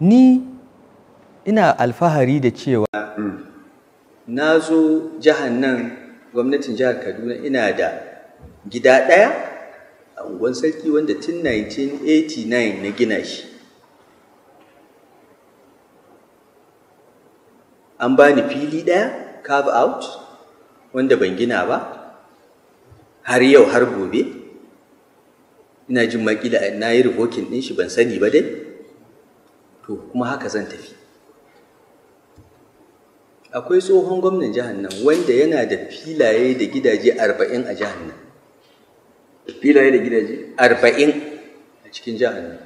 ni ina alfahari da cewa mm. na zo jihar nan gwamnatin jihar kaduna ina da gida ɗaya a unguwan sarki wanda tun 1989 na gina shi an bani fili ɗaya carve out wanda ban gina ba har yau har gobe ina jin makila na yi revoking ɗin shi ban sani ba dai to kuma haka zan tafi akwai tsohon gwamnan jihar nan wanda yana da filaye da gidaje arba'in a jihar nan filaye da gidaje arba'in a cikin jihar nan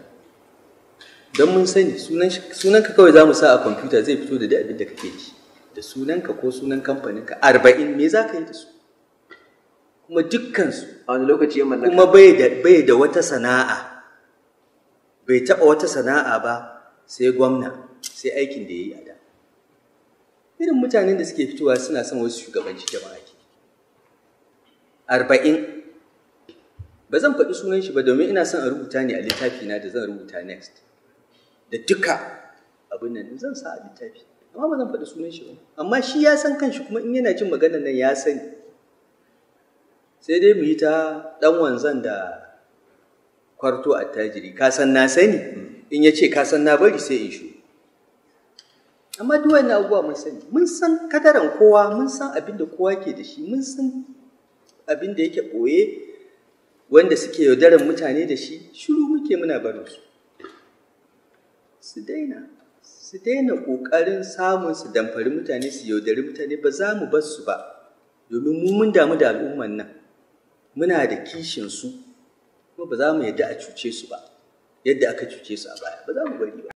don mun sani sunanka kawai za mu sa a kwamfuta zai fito da abin da kake ji da sunanka ko sunan kamfaninka arba'in me za ka yi da su kuma dukkansu a wani lokaci ya mallaka kuma bai da wata sana'a bai taɓa wata sana'a ba sai gwamna sai aikin da ya yi a da irin mutanen da suke fitowa suna son wasu shugabanci jama'a ke arba'in ba zan faɗi sunan shi ba domin ina son a rubuta ne a littafi na da zan rubuta next da duka abin nan zan sa a littafi amma ba zan faɗi sunan shi ba amma shi ya san kanshi kuma in yana jin maganar nan ya sani sai dai mu yi ta ɗan wanzan da kwarto attajiri ka san na sani in ya ce kasan na bari sai in shu amma duk wani abubuwa mun sani mun san kadaran kowa mun san abin da kowa ke da shi mun san abin da yake ɓoye wanda suke yaudaran mutane da shi shiru muke muna barin su su daina su daina ƙoƙarin samun su damfari mutane su yaudari mutane ba za mu bar su ba domin mu mun damu da al'umman nan muna da kishin su kuma ba za mu yadda a cuce su ba yadda aka cuce su a baya ba za mu bari ba